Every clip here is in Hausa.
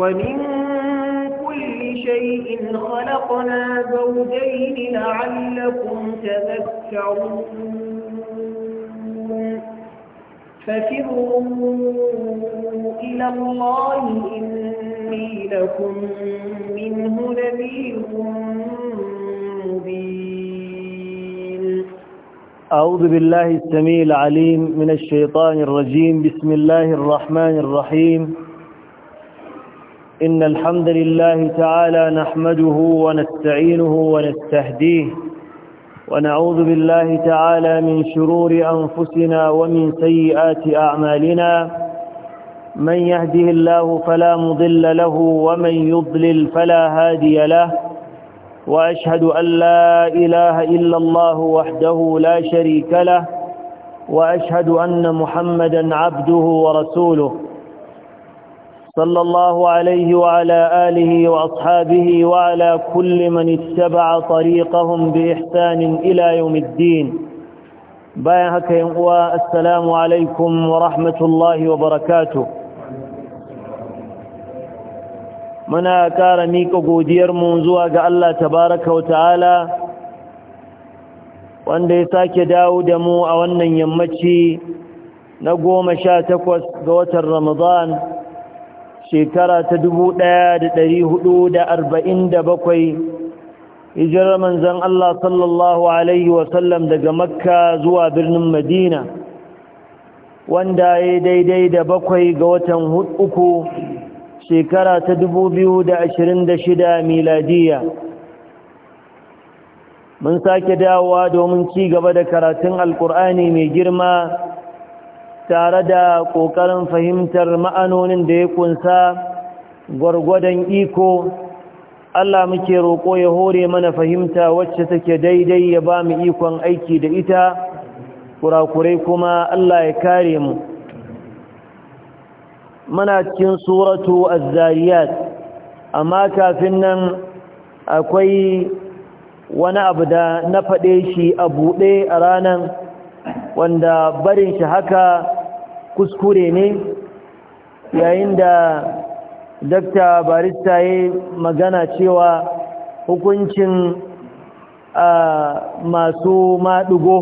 ومن كل شيء خلقنا زوجين لعلكم تذكرون ففروا إلى الله إني لكم منه نذير مبين أعوذ بالله السميع العليم من الشيطان الرجيم بسم الله الرحمن الرحيم إن الحمد لله تعالى نحمده ونستعينه ونستهديه ونعوذ بالله تعالى من شرور أنفسنا ومن سيئات أعمالنا من يهده الله فلا مضل له ومن يضلل فلا هادي له وأشهد أن لا إله إلا الله وحده لا شريك له وأشهد أن محمدا عبده ورسوله صلى الله عليه وعلى آله وأصحابه وعلى كل من اتبع طريقهم بإحسان إلى يوم الدين بايهك ينقوى السلام عليكم ورحمة الله وبركاته منا كارميك قودير منزوى قال تبارك وتعالى wanda ya sake dawo da mu a wannan yammaci na goma sha takwas ga watan ramadan shekara ta dubu ɗaya da ɗari da arba'in da bakwai hijirar manzan Allah sallallahu Alaihi wasallam daga makka zuwa birnin madina wanda ya daidai da bakwai ga watan uku shekara ta dubu biyu da ashirin da shida miladiya mun sake dawowa domin ci gaba da karatun alkur'ani mai girma tare da ƙoƙarin fahimtar ma'anonin da ya kunsa gwargwadon iko Allah muke roƙo ya hore mana fahimta wacce take daidai ya ba mu ikon aiki da ita kurakurai kuma Allah ya kare mu muna cikin suratu az-zariyat amma kafin nan akwai wani abu da na faɗe shi a buɗe a ranar wanda barin shi haka kuskure ne yayin da dakta barista ya magana cewa hukuncin masu maɗugo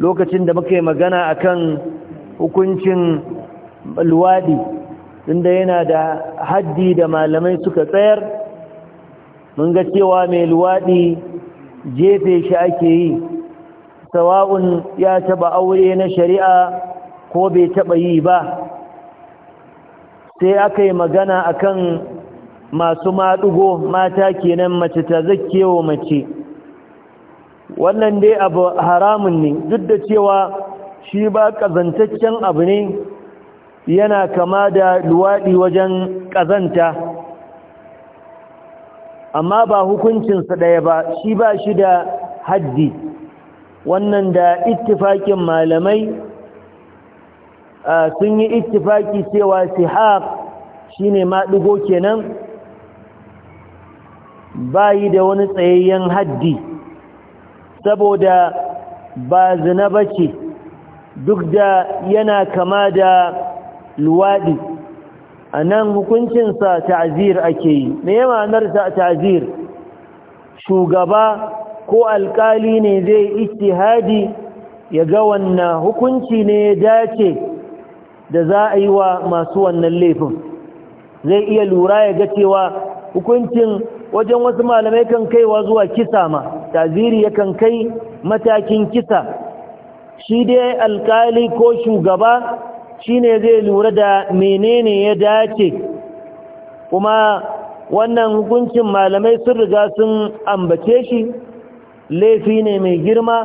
lokacin da muka yi magana akan hukuncin luwaɗi inda yana da haddi da malamai suka tsayar mun ga cewa mai luwaɗi jefe shi ake yi sawa'un ya taɓa aure na shari'a ko bai taɓa yi ba sai aka yi magana akan masu maɗugo mata kenan mace ta zakewa mace wannan dai abu haramun ne duk da cewa shi ba ƙazantaccen abu ne yana kama da luwaɗi wajen ƙazanta amma ba hukuncinsa ɗaya ba shi ba shi da haddi wannan da ittifakin malamai Ah, sun yi ittifaki cewa sihaq shine maɗigo kenan bayi da wani tsayayyen haddi saboda ba zina bace duk da yana kama da luwaɗi anan nan hukuncinsa ta'azir ake yi me ya ma'anarsa ta'azir shugaba ko alkali ne zai ittihadi ya ga wannan hukunci ne ya dace da za a yi wa masu wannan laifin zai iya lura ya ga cewa hukuncin wajen wasu malamai kan kaiwa zuwa kisa ma taziri kan kai matakin kisa shi dai alkali ko shugaba shi ne zai lura da menene ya dace kuma wannan hukuncin malamai sun riga sun ambace shi laifi ne mai girma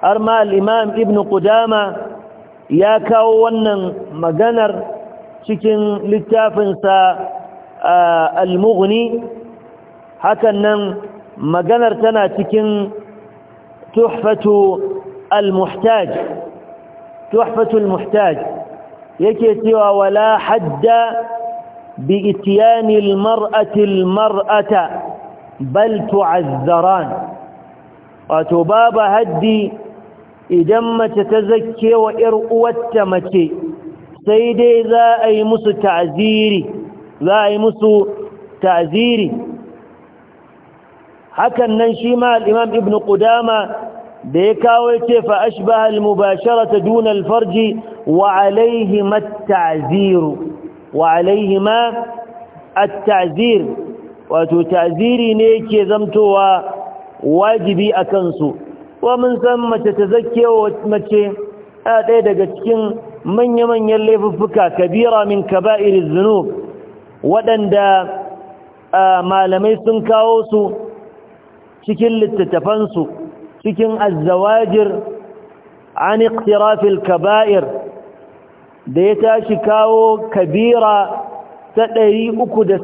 har ma al'imam ibn Qudama ya kawo wannan maganar cikin littafinsa al-mughni hakan nan maganar tana cikin tuhfatu al-muhtaj tuhfatu al-muhtaj yake cewa wala hadda bi ityani al-mar'ati al-mar'ata bal tu'azzaran wato babu haddi idan mace ta zakke wa ‘yar uwarta mace sai dai za a yi musu ta'aziri za a yi musu taziri hakan nan shi ma al'imam ibn ƙudama da ya kawo ce fa ashbaha ba mubashara ta duna alfarji wa alaihi ma wa alaihi ma a wato ta'aziri ne ke zamtowa wajibi a kansu wa mun san mace ta zakewa mace a ɗaya daga cikin manya-manyan laifuffuka kabira min kaba'irin zunub waɗanda malamai sun kawo su cikin littattafansu cikin azzawajir an iktirafil kaba'ir da ya tashi kawo kabira ta ɗari uku da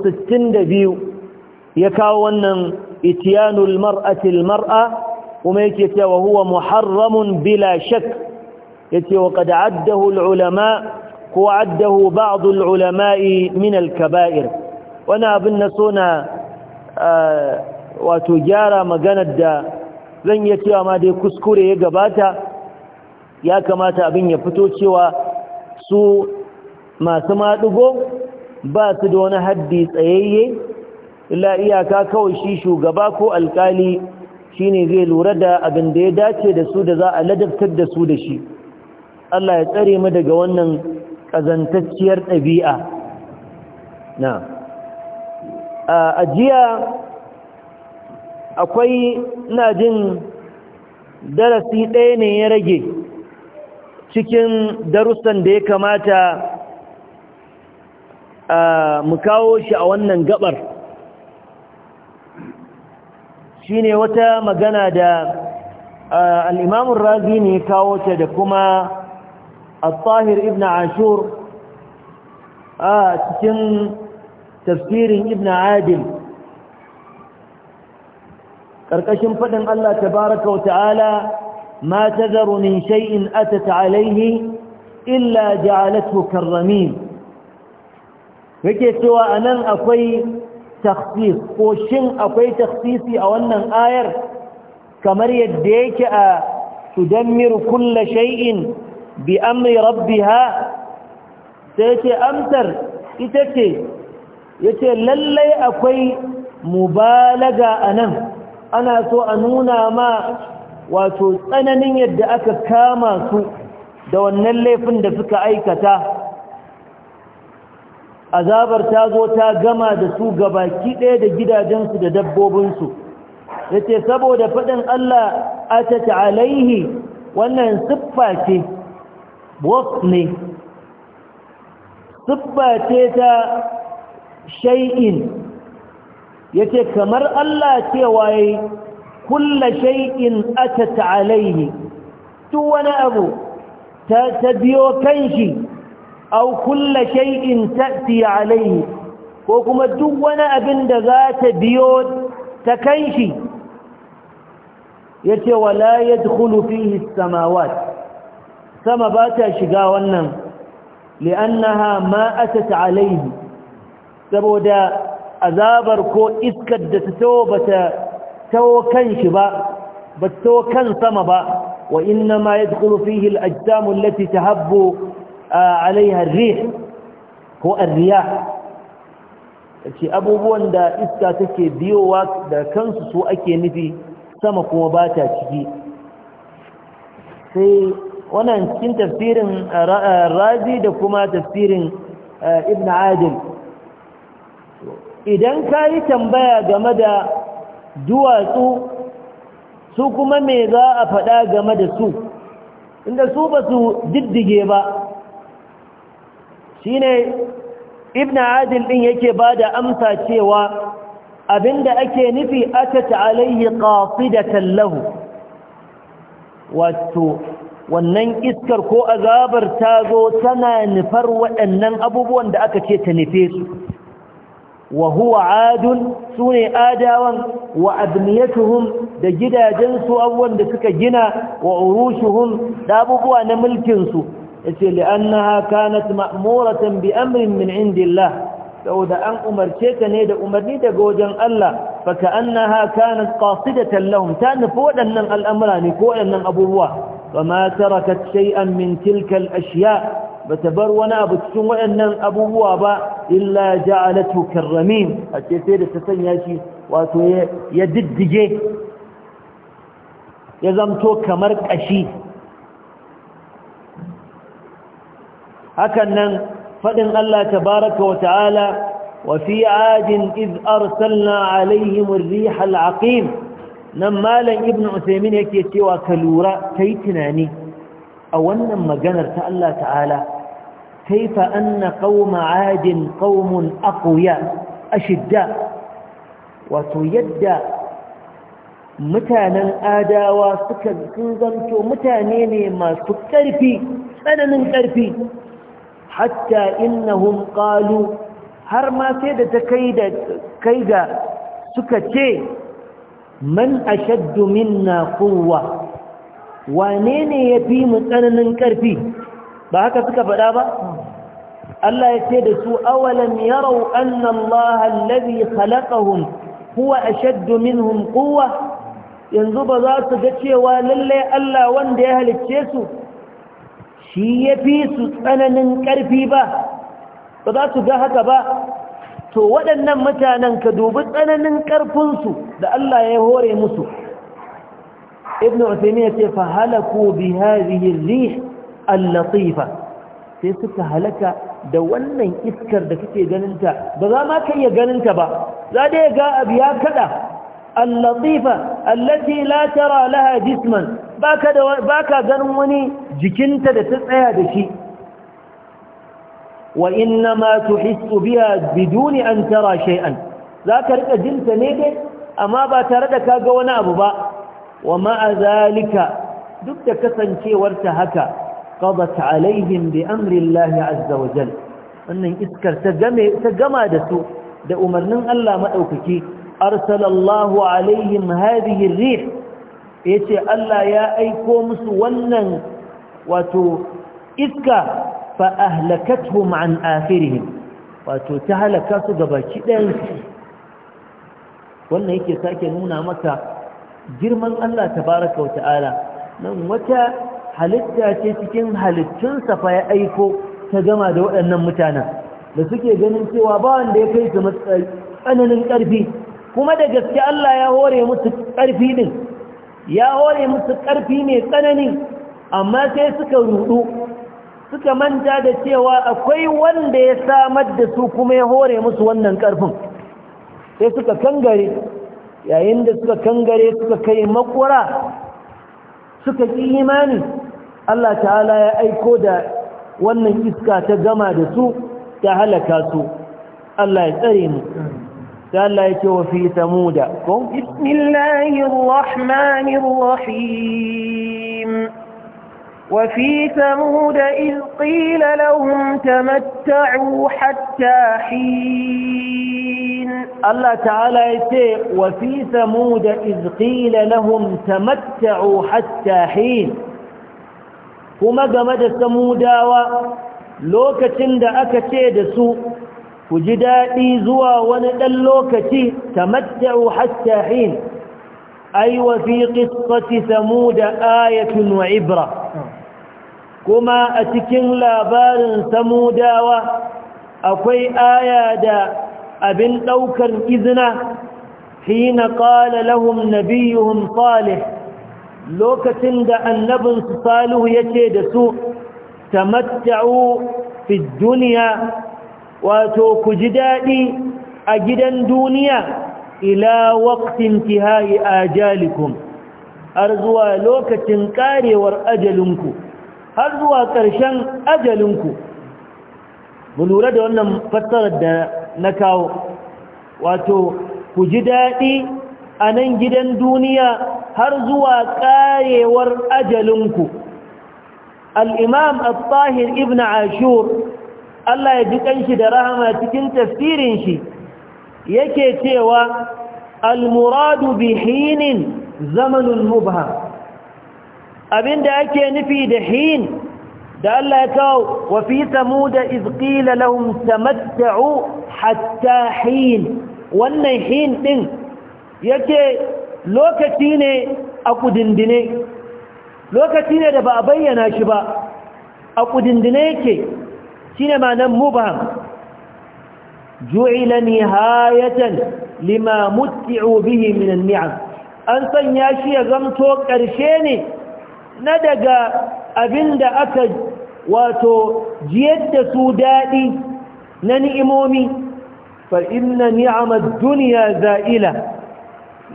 da biyu ya kawo wannan itiyanul mar'atil mar'a kuma yake cewa huwa muharramun bila shak yace wa qad addahu ulama ko addahu ba'd ulama'i min al-kaba'ir wani abin na sona wato gyara maganar da zan iya cewa ma dai kuskure ya gabata ya kamata abin ya fito cewa su masu maɗigo ba su da wani haddi tsayayye illa iyaka kawai shi shugaba ko alkali shine zai lura da abin da ya dace da su da za a ladabtar da su da shi Allah ya tsare mu daga wannan kazantacciyar ɗabi'a na a jiya akwai ina jin darasi ɗaya ne ya rage cikin darussan da ya kamata mu kawo shi a wannan gabar shine wata magana da al-Imam razi ne kawo ta da kuma Al-Tahir ibn Ashur a cikin tafsirin Ibn Adil karkashin fadin Allah tabaaraka wa ta'ala ma tadharu min shay'in atat alayhi illa ja'alathu karramin yake cewa anan akwai takhsis ko shin akwai takhsisi a wannan ayar kamar yadda yake a tudammiru kulla shay'in bi amri rabbiha sai ce amsar ita ce yace lallai akwai mubalaga anan ana so a nuna ma wato tsananin yadda aka kama su da wannan laifin da suka aikata azabar ta zo ta gama da su gabaki ɗaya da gidajensu da dabbobinsu ya ce saboda faɗin Allah a alaihi wannan siffa ce ne siffa ce ta shai'in. ya ce kamar Allah cewa ya kulla shai'in a alaihi duk wani abu ta biyo kan au kulla shay'in ta'ti alayhi ko kuma duk wani abin da za ta biyo ta kanshi yace wala yadkhulu fihi as-samawat sama ba ta shiga wannan li'annaha ma atat alayhi saboda azabar ko iskar da ta tawo bata tawo kanshi ba bata tawo kan sama ba wa inna ma yadkhulu fihi al-ajsamu allati tahabbu alaiha rih ko ce abubuwan da iska take biyowa da kansu su ake nufi sama kuma ba ta ciki sai wannan cikin tafsirin razi da kuma tafsirin ibn adil idan ka yi tambaya game da duwatsu su kuma mai za a faɗa game da su inda su ba su diddige ba shine ibn adil ɗin yake bada amsa cewa abinda ake nufi atat alayhi qasidatan tallahu wato wannan iskar ko azabar ta zo tana nufar waɗannan abubuwan da aka ce ta nufe su wa huwa adun sune adawan wa abniyatuhum da gidajensu abubuwan da suka gina wa urushuhum da abubuwa na mulkinsu yace li'annaha kanat ma'muratan bi amrin min indillah saboda an umarce ta ne da umarni daga wajen Allah fa ka'annaha kanat qasidatan lahum ta nufi waɗannan al'amura ne ko waɗannan abubuwa fama tarakat shay'an min tilka al bata bar wani abu cikin waɗannan abubuwa ba illa ja'alatu karramin a ce sai da ta sanya shi wato ya diddige ya zamto kamar ƙashi hakan nan faɗin Allah tabaraka wa ta'ala wa fi adin iz arsalna alaihim ar-rih al-aqim nan malam ibn usaymin yake cewa ka lura kai tunani a wannan maganar ta Allah ta'ala kaifa anna qauma adin qaumun aqwiya ashidda wato yadda mutanen adawa suka zanto mutane ne masu ƙarfi tsananin ƙarfi hatta innahum qalu har ma sai da ta kai da kai ga suka ce man ashaddu minna quwwa wane ne yafi mu tsananin karfi ba haka suka faɗa ba Allah ya ce da su awalam yarau anna Allah alladhi khalaqahum huwa ashaddu minhum quwwa yanzu ba za su ga cewa lalle Allah wanda ya halicce su shi ya fi su tsananin ƙarfi ba ba za su ga haka ba to waɗannan mutanen ka dubi tsananin ƙarfinsu da Allah ya hore musu ibn Uthaymeen ya ce fa halaku bi hadhihi ar-rih al-latifa sai suka halaka da wannan iskar da kake ganinta ba za ma ka iya ganinta ba za da ya ga abu ya kada اللطيفة التي لا ترى لها جسما باكا جنوني جكنت لتسعيها دشي وإنما تحس بها بدون أن ترى شيئا ذاك رأى جنت نيكي أما باتردك قونا أببا ومع ذلك دكت كسنشي وارتهك قضت عليهم بأمر الله عز وجل أن إسكر تجمع دسو da umarnin Allah maɗaukaki arsalallahu alaihim hadhihi rih yace Allah ya aiko musu wannan wato iska fa ahlakatuhum an afirihim wato ta halaka su gabaki ɗayan wannan yake sake nuna maka girman Allah tabaraka wa ta'ala nan wata halitta ce cikin sa fa ya aiko ta gama da waɗannan mutanen da suke ganin cewa ba wanda ya kai su tsananin ƙarfi kuma da gaske Allah ya hore musu ƙarfi din ya hore musu ƙarfi mai tsanani amma sai suka rudu suka manta da cewa akwai wanda ya samar da su kuma ya hore musu wannan ƙarfin sai suka kangare yayin da suka kangare suka kai makwara suka ƙi imani Allah ta'ala ya aiko da wannan iska ta gama da su ta halaka su Allah ya tsare mu Allah yake wa fi Samuda ko bismillahir rahmanir rahim lahum tamatta'u hatta hin Allah ta'ala yake wa fi Samuda iz qila lahum tamatta'u hatta hin kuma game da Samudawa lokacin da aka ce da su ku ji daɗi zuwa wani ɗan lokaci ta matta'u hin ay wa fi qissati samud ayatun wa ibra kuma a cikin labarin samudawa akwai aya da abin ɗaukar izina hina qala lahum nabiyuhum salih lokacin da annabinsu salihu yake da su tamatta'u fi duniya wato ku ji daɗi a gidan duniya ila waqtin a ajalikum har zuwa lokacin ƙarewar ajalinku har zuwa ƙarshen ajalinku mu lura da wannan fassarar da na kawo wato ku ji daɗi a nan gidan duniya har zuwa ƙarewar ajalinku al'imam al-tahir ibn ashur Allah ya ji kanshi da rahama cikin tafsirin shi yake cewa al-muradu hinin zamanul mubham abinda ake nufi da hin da Allah ya kawo wa fi samuda iz qila lahum tamatta'u hatta hin wannan hin din yake lokaci ne a kudindine lokaci ne da ba a bayyana shi ba a kudindine yake shine manan mubham ju'ila nihayatan lima mutti'u bihi min an-ni'am an sanya shi ya zamto karshe ne na daga abinda aka wato jiyar da su daɗi na ni'imomi fa inna ni'amad duniya za'ila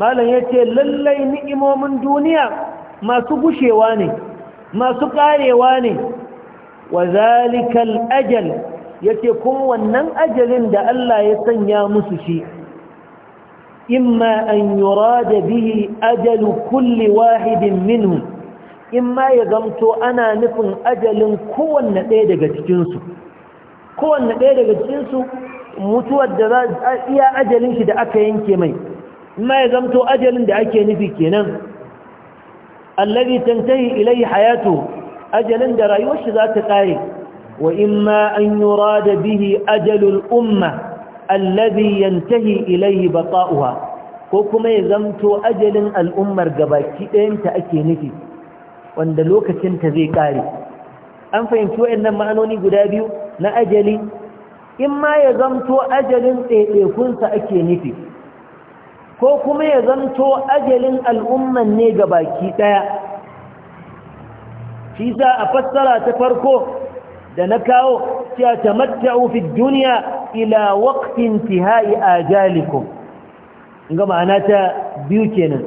malam yace lallai ni'imomin duniya masu gushewa ne masu karewa ne wa zalikal ajal yace kuma wannan ajalin da Allah ya sanya musu shi imma an yurada bihi ajal kulli wahidin minhum imma ya gamto ana nufin ajalin kowanne ɗaya daga cikin su kowanne ɗaya daga cikin su mutuwar da za iya ajalin shi da aka yanke mai imma ya gamto ajalin da ake nufi kenan alladhi tantahi ilayhi hayatuhu ajalin da rayuwar shi za ta ƙare, wa imma an da bihi ajalul umma allazi yantahi ilayhi baqa'uha ko kuma ya zanto ajalin al'ummar gabaki ɗayanta ake nufi wanda lokacinta zai ƙare. an fahimci wayannan ma'anoni guda biyu na ajali in ma ya zamto ajalin ɗaiɗaikunsa ake nufi ko kuma ya zanto ajalin al'umman ne ga baki ɗaya shi za a fassara ta farko da na kawo cewa tamatta'u fi duniya ila tiha'i a ajalikum ga ma'ana ta biyu kenan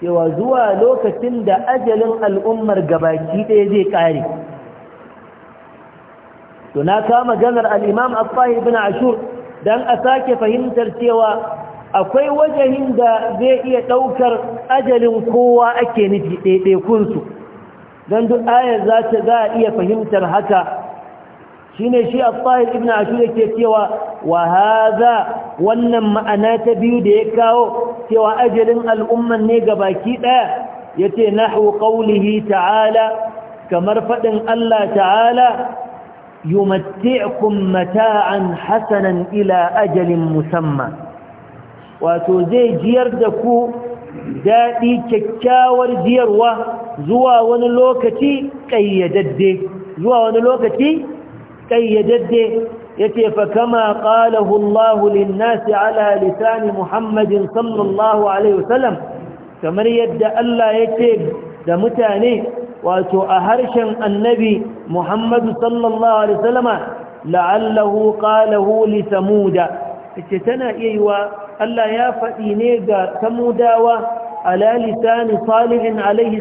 cewa zuwa lokacin da ajalin al'ummar gabaki ɗaya zai ƙare to na kama maganar alimam al-fahir bin ashur dan a sake fahimtar cewa akwai wajen da zai iya ɗaukar ajalin kowa ake nufi ɗaiɗaikunsu dan duk ayar za ta za a iya fahimtar haka shi ne shi al-tahir ibn ashur yake cewa wa hadha wannan ma'ana ta biyu da ya kawo cewa ajalin al'umman ne gabaki daya yace nahwu qawlihi ta'ala kamar fadin Allah ta'ala yumatti'ukum mata'an hasanan ila ajalin musamma wato zai jiyar da ku daɗi kyakkyawar jiyarwa zuwa wani lokaci ƙayyadadde zuwa wani lokaci ƙayyadadde ya ce fa kama ƙalahu Allahu linnasi ala lisani Muhammadin sallallahu Alaihi wasallam kamar yadda Allah ya ce da mutane wato a harshen annabi Muhammadu sallallahu Alaihi wasallama la'allahu ƙalahu li samuda ce tana iya yi wa Allah ya faɗi ne ga samudawa ala lisani salihin alaihi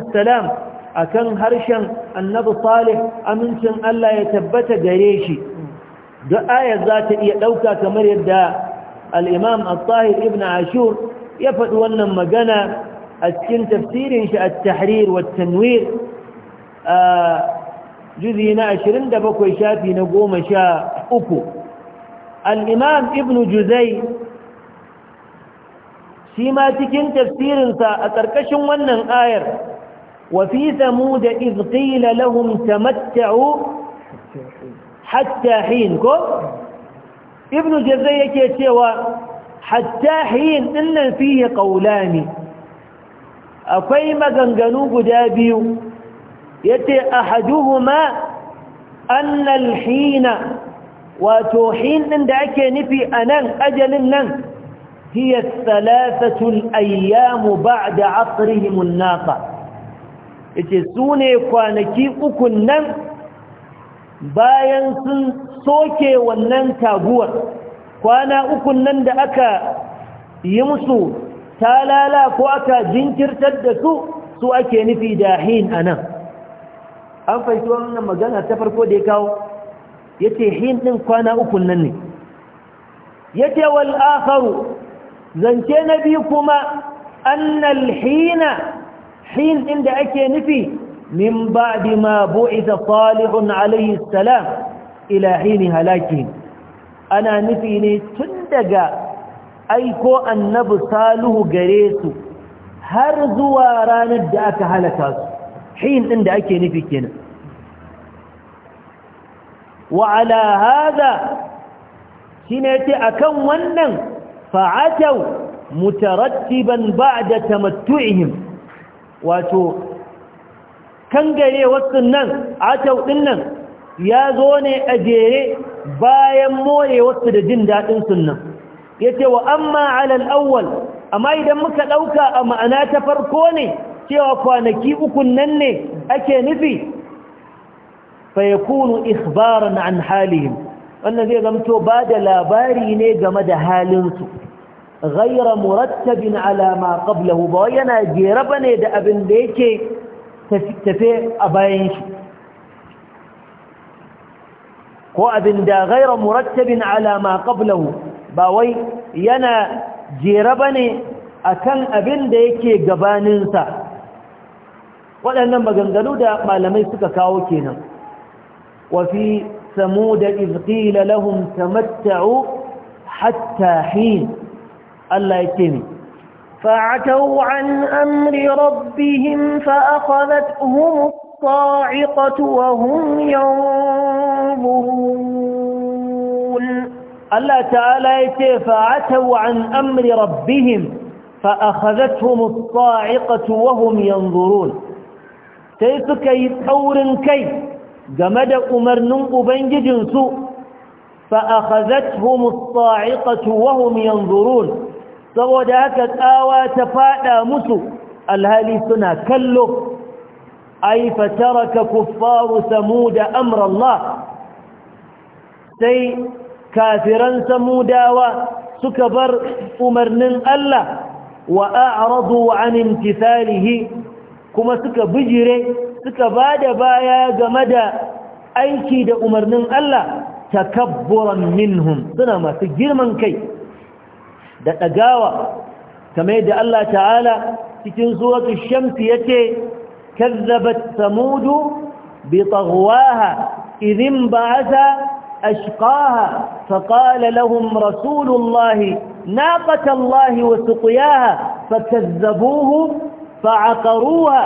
a kan harshen annabi salih amincin Allah ya tabbata gare shi da ayar za ta iya ɗauka kamar yadda al'imam al-tahir ibn ashur ya faɗi wannan magana a cikin tafsirin shi a tahrir wa tanwir a juzi na 27 shafi na 13 al'imam ibn juzai shi ma cikin tafsirinsa a ƙarƙashin wannan ayar wafi samu da izƙila lahum tamatta'u hatta ko? ibn juzai yake cewa hattahin hin ɗinnan fiye ƙaula ne akwai maganganu guda biyu yace ahaduhuma annal hina wato hin din da ake nufi a nan ajalin nan هي الثلاثة الأيام بعد عطرهم الناقة kwanaki uku nan bayan sun soke wannan taguwar kwana uku nan da aka yi musu talala ko aka jinkirtar da su su ake nufi da hin anan an fahimci wannan magana ta farko da ya kawo yace hin din kwana uku nan ne yace wal akharu zance na biyu kuma annal hina hin din da ake nufi min ba'di ma bu'itha salihun alayhi salam ila hin halaki ana nufi ne tun daga aiko annabi salihu gare su har zuwa ranar da aka halaka su hin din da ake nufi kenan wa’ala haza shi ne ce a kan wannan fa’atau mutarattiban ba da tamattu’ihim wato kangarewarsun nan atau ɗin nan ya zo ne a jere bayan wasu da jin daɗin nan ya ce wa amma alal awwal amma idan muka ɗauka a ma'ana ta farko ne cewa kwanaki ukun nan ne ake nufi fayakunu ikhbaran an halihim wannan zai zamto ba da labari ne game da halinsu ghaira murattabin ala ma qablahu ba yana jera bane da abin da yake tafe a bayan shi ko abin da ghaira murattabin ala ma qablahu ba wai yana jere bane akan abin da yake gabaninsa waɗannan maganganu da malamai suka kawo kenan وفي ثمود إذ قيل لهم تمتعوا حتى حين الله يتمي فعتوا عن أمر ربهم فأخذتهم الصاعقة وهم ينظرون الله تعالى يتي فعتوا عن أمر ربهم فأخذتهم الصاعقة وهم ينظرون تيسك يتحور كيف game da umarnin ubangijinsu فأخذتهم الصاعقة wahum yanzurun saboda haka tsawa ta fada musu alhali suna kallo ai fataraka kuffaru samuda da Allah sai kafiran samudawa suka bar umarnin Allah wa a'radu an imtithalihi kuma suka bijire suka ba da baya game da aiki da umarnin Allah takabburan minhum suna masu girman kai da dagawa kamar yadda Allah ta'ala cikin suratul shams yace kazzabat samud bi taghwaha idhin ba'atha أشقاها فقال لهم رسول الله ناقة الله وسقياها فكذبوه فعقروها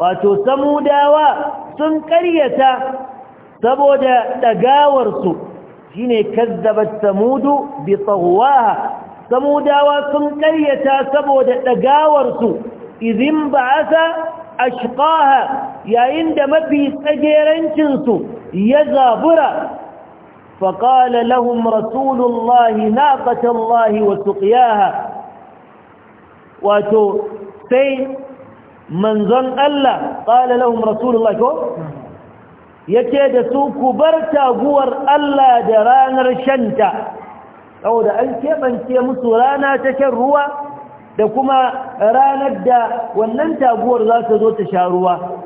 wato samudawa sun karyata saboda dagawarsu shine kazzabat samudu bi tawwaha samudawa sun karyata saboda dagawarsu idin ba'asa ashqaha yayin da mafi tsagerancin su ya zabura فقال لهم رسول الله ناقة الله وسقياها وتو سي manzon Allah qala lahum rasulullah ko yake da su ku bar taguwar Allah da ranar shanta saboda an kebance musu rana ta shan ruwa da kuma ranar da wannan taguwar za ta zo ta sha ruwa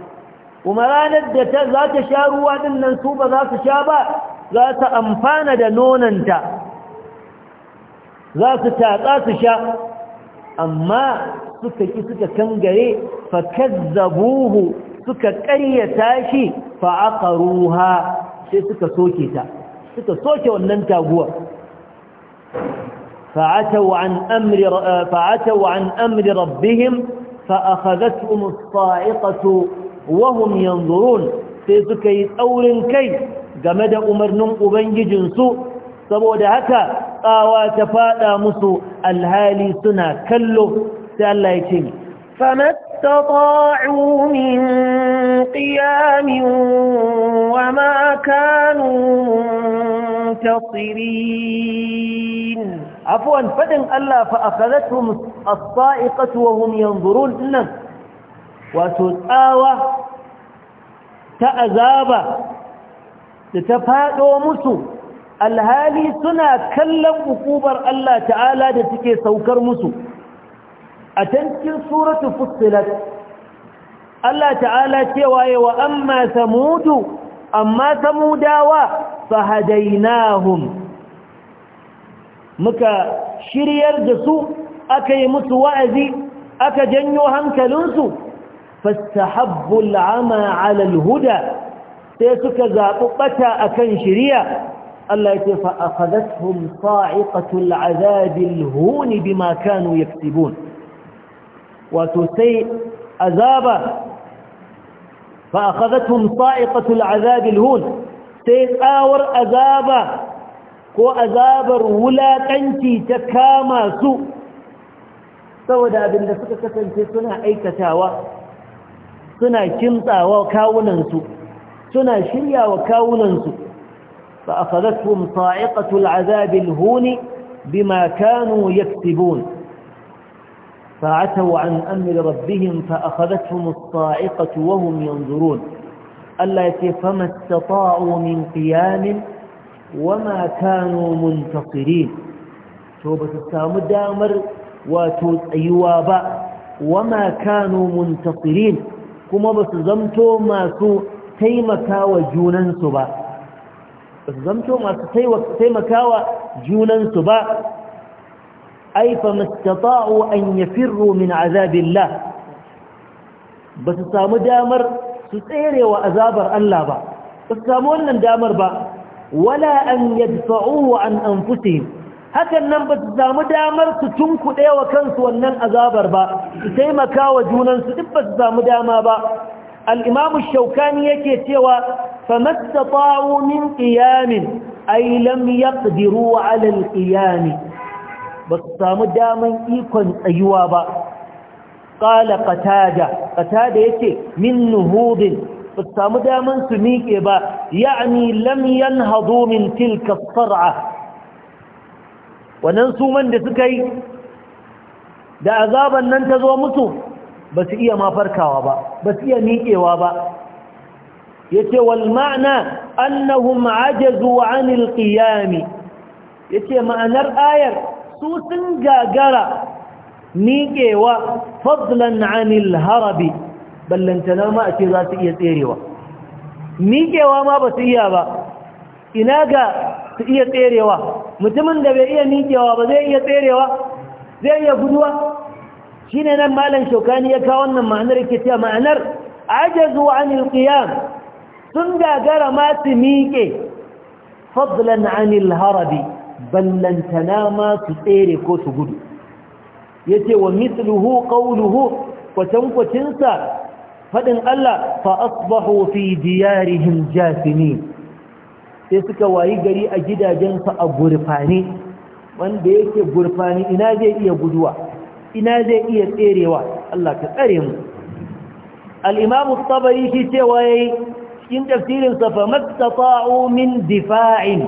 kuma ranar da ta za ta sha ruwa ɗinnan su ba za su sha ba za ta amfana da nonanta za su tatsa su sha amma suka ki suka kangare fa kazzabuhu suka ƙaryata shi fa aqaruha sai suka soke ta suka soke wannan taguwa فعتوا عن أمر فعتوا عن أمر ربهم فأخذتهم الصاعقة وهم ينظرون في سكي أول كي جمد أمرنم أبنججن سوء سبود هكا آوى تفاء مسو الهالي سنا كله sai Allah ya ce ni فَمَتَّطَاعُوا مِنْ قِيَامٍ وَمَا كَانُوا مُنْتَصِرِينَ عفوا فدن الله فأخذتهم الصائقة وهم ينظرون إنه وتتآوى تأذاب تتفادوا مسو الهالي سنة كلم أقوبر الله تعالى تتكي سوكر مسو a tankin suratu fusilat Allah ta'ala cewa ya wa amma samudu amma samudawa fahadainahun muka shiryar da su aka yi musu wa'azi aka janyo hankalinsu fastahabbul ama alal huda sai suka zaɓi ɓata akan shiriya Allah yake fa akhadathum sa'iqatu al-'adhabi huni bi ma kanu yaktubun wato sai azaba fa akhadathum sa'iqatul azab alhun sai tsawar azaba ko azabar wulaƙanci ta kama su saboda abinda suka kasance suna aikatawa suna kimtsawa kawunansu suna shiryawa kawunansu fa akhadathum sa'iqatul azab alhun bima kanu yaktubun فعتوا عن أمر ربهم فأخذتهم الصاعقة وهم ينظرون ألا فما استطاعوا من قيام وما كانوا منتصرين توبة السام الدامر واتوت أيوابا وما كانوا منتصرين كما بسزمتوا ما سوء تيمكا وجوننسبا بسزمتوا ما سوء تيمكا وجوننسبا ai fa mustata'u an yafirru min azabillah ba su samu damar su tserewa azabar Allah ba su samu wannan damar ba wala an yadfa'uhu an anfusihim hakan nan ba su samu damar su tun kuɗewa kansu wannan azabar ba su taimaka wa junansu duk ba su samu dama ba al'imamu shaukani yake cewa famasta ta'u min ƙiyamin ai lam yaqdiru ala al-qiyami ba su samu daman ikon tsayuwa ba ƙala ƙatada ƙatada ya ce min nuhudin ba su samu daman su miƙe ba ya'ani lam yan tilka far'a wannan suman da suka yi da azaban nan ta zo musu ba su iya mafarkawa ba ba su iya miƙewa ba ya ce wal ma'ana annahum ajazu anil ya ce ma'anar ayar su sun gagara miƙewa fadlan anil harabi ballantana ma a ce za su iya tserewa miƙewa ma ba su iya ba ina ga su iya tserewa mutumin da bai iya miƙewa ba zai iya tserewa zai iya guduwa shi ne nan malam shokani ya kawo wannan ma'anar ke cewa ma'anar ajazu anil qiyam sun gagara ma su miƙe fadlan anil harabi ballantana ma su tsere ko su gudu yace wa mithluhu qawluhu kwatankwacinsa fadin Allah fa asbahu fi diyarihin jasini sai suka wayi gari a gidajensu a gurfani wanda yake gurfani ina zai iya guduwa ina zai iya tserewa Allah ka tsare mu Alimamu imam shi cewa yayi cikin tafsirinsa sa fa mastata'u min difa'in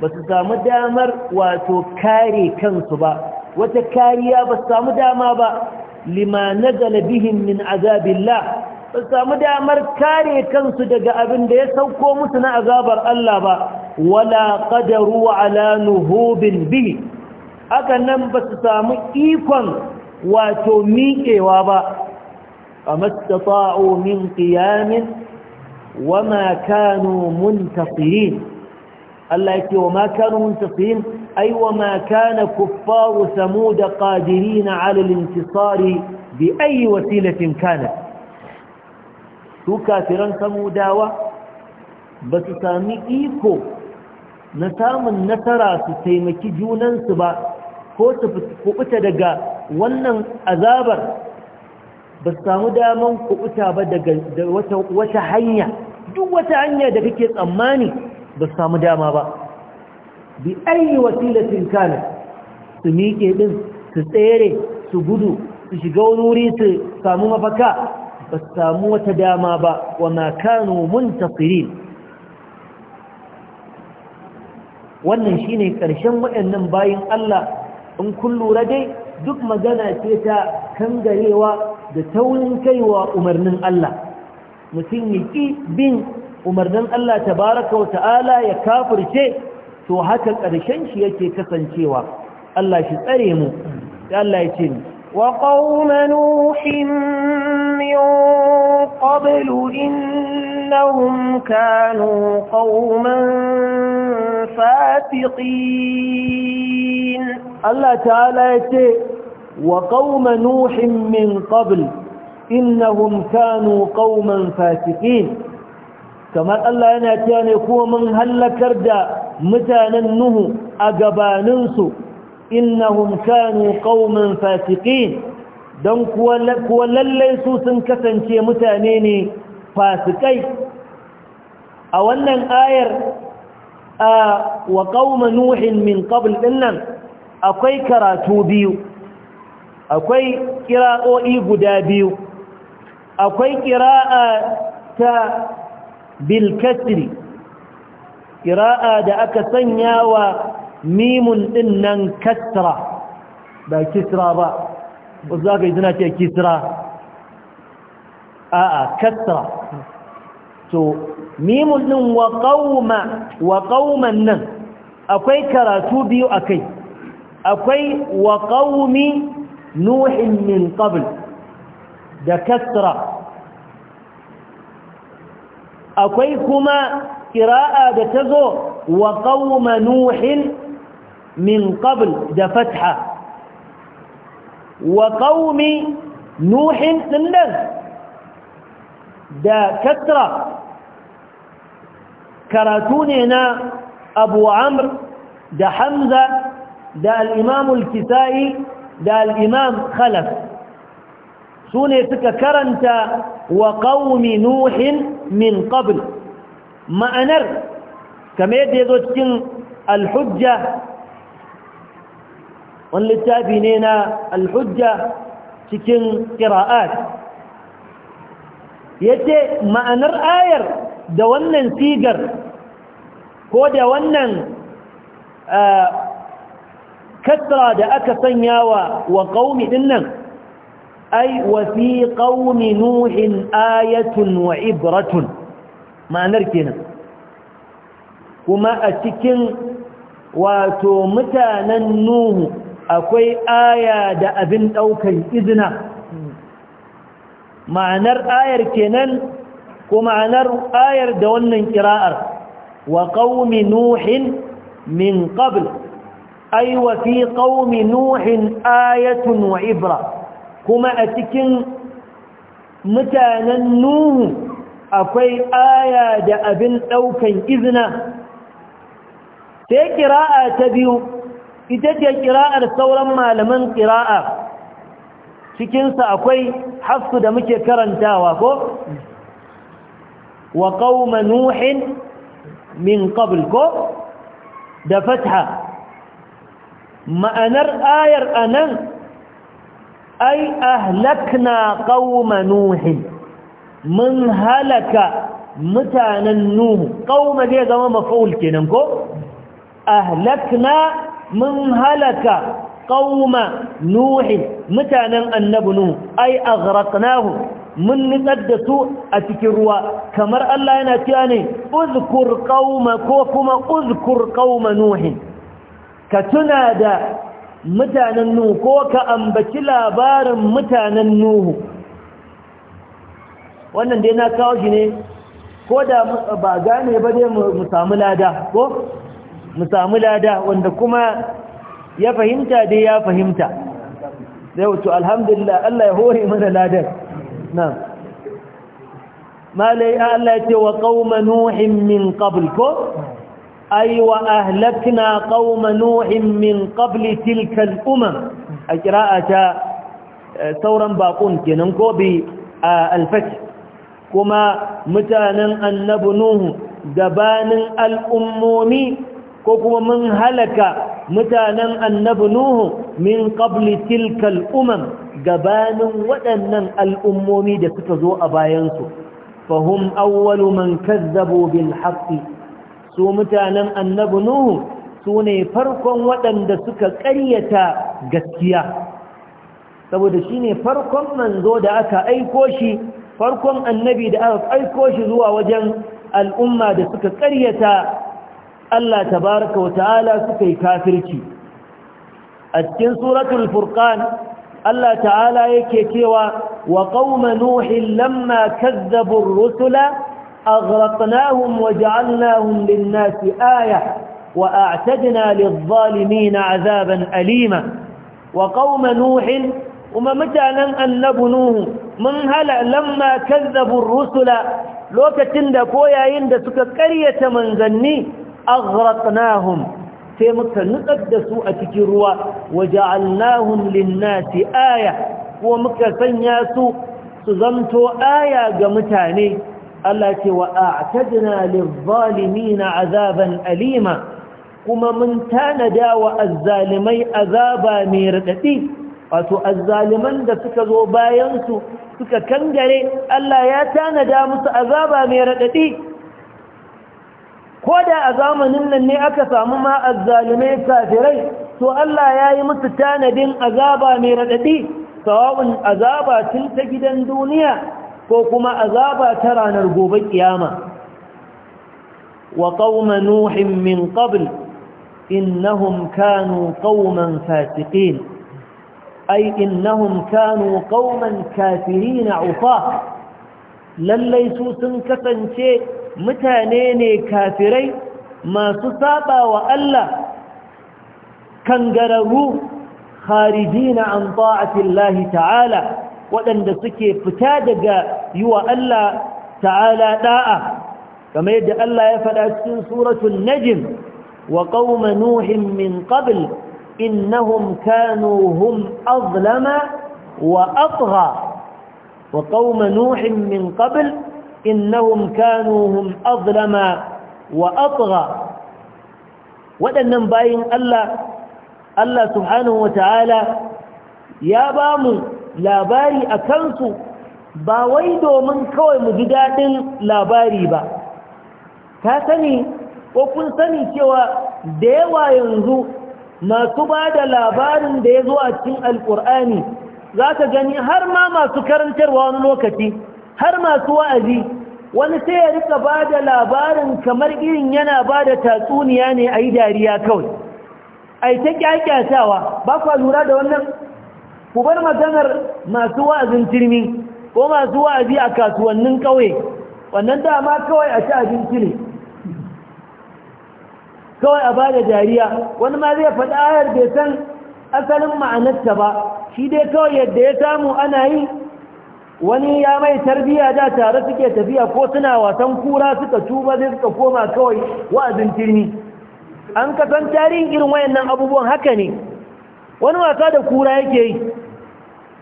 ba su samu damar wato kare kansu ba wata kariya ba su samu dama ba lima na bihim min azabillah ba su samu damar kare kansu daga abin da ya sauko musu na azabar Allah ba wala qadaru ala nuhubin bihi haka nan ba su samu ikon wato miƙewa ba amastata'u min ƙiyamin, wama kanu muntafiyin Allah yake wa ma kanu muntasir ay wa ma kana kuffaru samud qadirin ala al-intisari bi ayi wasilatin kana su kafiran samudawa ba su sami iko na samun nasara su taimaki junansu ba ko su kubuta daga wannan azabar ba su samu daman kubuta ba daga wata hanya duk wata hanya da kake tsammani ba samu dama ba bi ayi wasilatin kana su miƙe ɗin su tsere su gudu su shiga wuri su samu mafaka ba samu wata dama ba wa makanu muntasirin wannan shine ƙarshen waɗannan bayan Allah in kun lura dai duk magana ce ta kangarewa da taurin kaiwa umarnin Allah mutum ya bin umarnin Allah tabaraka wa ta'ala ya kafirce to haka ƙarshen shi yake kasancewa Allah shi tsare mu Allah ya ce ni وقوم نوح من قبل إنهم كانوا allah ta'ala ya ce يتي وقوم نوح من قبل إنهم كانوا قوما فاتقين kamar Allah yana cewa ne kuma mun hallakar da mutanen Nuhu a gabaninsu innahum kanu qauman fasiqin dan kuwa lallai su sun kasance mutane ne fasikai a wannan ayar a wa qauma nuhin min qabl dinnan akwai karatu biyu akwai kira'o'i guda biyu akwai kira'a ta bilkasri ƙira'a da aka sanya wa mimun ɗin nan kasra ba kisra ba za ka yi suna ce kisra kasra to mimun ɗin wa ƙauman nan akwai karatu biyu a kai akwai wa ƙaumi nuhin min ƙabil da kasra akwai kuma ƙira'a da ta zo wa ƙauma nuhin min qabl da fatha wa ƙaumi nuhin ɗin da katra karatu ne na abu amr da hamza da al'imamul kisa'i da al'imam khalaf su ne suka karanta wa ƙaumi nuhin min ƙabil? ma'anar kamar yadda ya zo cikin alhujja wani littafi ne na alhujja cikin ƙira'at ya ce ma'anar ayar da wannan sigar ko da wannan eh, kasra da aka sanya wa wa ƙaumi ɗinnan ai wa fi qaumi ayatun wa ibratun ma'anar kenan kuma a cikin wato mutanen nuhu akwai aya da abin daukan izina ma'anar ayar kenan ko ma'anar ayar da wannan kira'ar wa qaumi nuhin min qabl ay wa fi qaumi nuhin ayatun wa ibra kuma a cikin mutanen nuhu akwai aya da abin ɗaukan izina sai ƙira'a ta biyu ita ce ƙira'ar sauran malaman ƙira'a cikinsa akwai hafsu da muke karantawa ko wa ƙauma nuhin min qabl ko da fatha ma'anar ayar anan ai ahlakna qauma nuhin mun halaka mutanen nuhu qauma zai zama maf'ul kenan ko ahlakna mun halaka qauma nuhin mutanen annabi nuhu ai aghraqnahum mun nitsar da su a cikin ruwa kamar Allah yana cewa ne uzkur qauma ko kuma uzkur qauma nuhin ka tuna da mutanen nuhu ko ka ambaci labarin mutanen nuhu wannan dai na kawo shi ne ko da ba gane ba dai mu samu lada ko mu samu lada wanda kuma ya fahimta dai ya fahimta zai wuce alhamdulillah Allah ya hore mana ladar nan malai Allah ya ce wa qauma nuhin min qabl ko أي وأهلكنا قوم نوح من قبل تلك الأمم أجراءة ثورا باقون كننكو بالفتح كما متانا النب نوح دبان الأمومي كما من هلك متانا النب نوح من قبل تلك الأمم دبان ودنا الأمومي دكتزو أباينسو فهم أول من كذبوا بالحق su mutanen annabi nuhu su ne farkon waɗanda suka ƙaryata gaskiya saboda shi ne farkon manzo da aka aiko shi farkon annabi da aka aiko shi zuwa wajen al'umma da suka ƙaryata Allah tabaraka wata'ala suka yi kafirci a cikin suratul furkan Allah ta'ala yake cewa wa qauma nuhin lamma kazzabu rusula أغرقناهم وجعلناهم للناس آية وأعتدنا للظالمين عذابا أليما وقوم نوح وما متعلم أن نبنوه من هلأ لما كذبوا الرسل لو كتند كويا عند سككرية من ذني أغرقناهم sai muka أتكروا وجعلناهم للناس آية cikin ruwa waja'alnahum آية جمتاني Allah ce wa a'tadna lil azaban alima kuma mun tanada wa azzalimai azaba mai radadi wato azzaliman da suka zo bayan su suka kangare Allah ya tanada musu azaba mai radadi koda a zamanin nan ne aka samu ma azzalimai kafirai to Allah ya yi musu tanadin azaba mai radadi sawa'un azaba tun ta gidan duniya ko kuma azaba ta ranar gobe kiyama wa qauma nuhin min qabl innahum kanu qauman fasiqin ay innahum kanu qauman kafirin ufa lallai su sun kasance mutane ne kafirai masu saba wa Allah kangararru kharijina an ta'ati Allah ta'ala waɗanda suke fita daga yi wa Allah ta'ala ɗa'a kamar yadda Allah ya faɗa cikin suratun najin wa qauma nuhin min qabl innahum kanu hum azlama wa atgha wa qauma nuhin min qabl innahum kanu hum azlama wa atgha waɗannan bayin Allah Allah subhanahu wa ta'ala ya ba mu labari a kansu ba wai domin kawai mu ji daɗin labari ba ta sani ko kun sani cewa da yawa yanzu masu ba da labarin da ya zo a cikin alƙur'ani za ka gani har ma masu karantarwa wani lokaci har masu wa'azi wani sai ya rika ba da labarin kamar irin yana ba da tatsuniya ne a yi dariya kawai a yi ta ƙyaƙyatawa ba kwa lura da wannan ku bar maganar masu wa'azin turmi ko masu wa'azi a kasuwannin kauye wannan dama kawai a ci abinci ne kawai a bada dariya wani ma zai faɗa ayar bai san asalin ma'anarta ba shi dai kawai yadda ya samu ana yi wani ya mai tarbiya da tare suke tafiya ko suna wasan kura suka tuba zai suka koma kawai wa'azin turmi an kasan tarihin irin wayannan abubuwan haka ne wani wasa da kura yake yi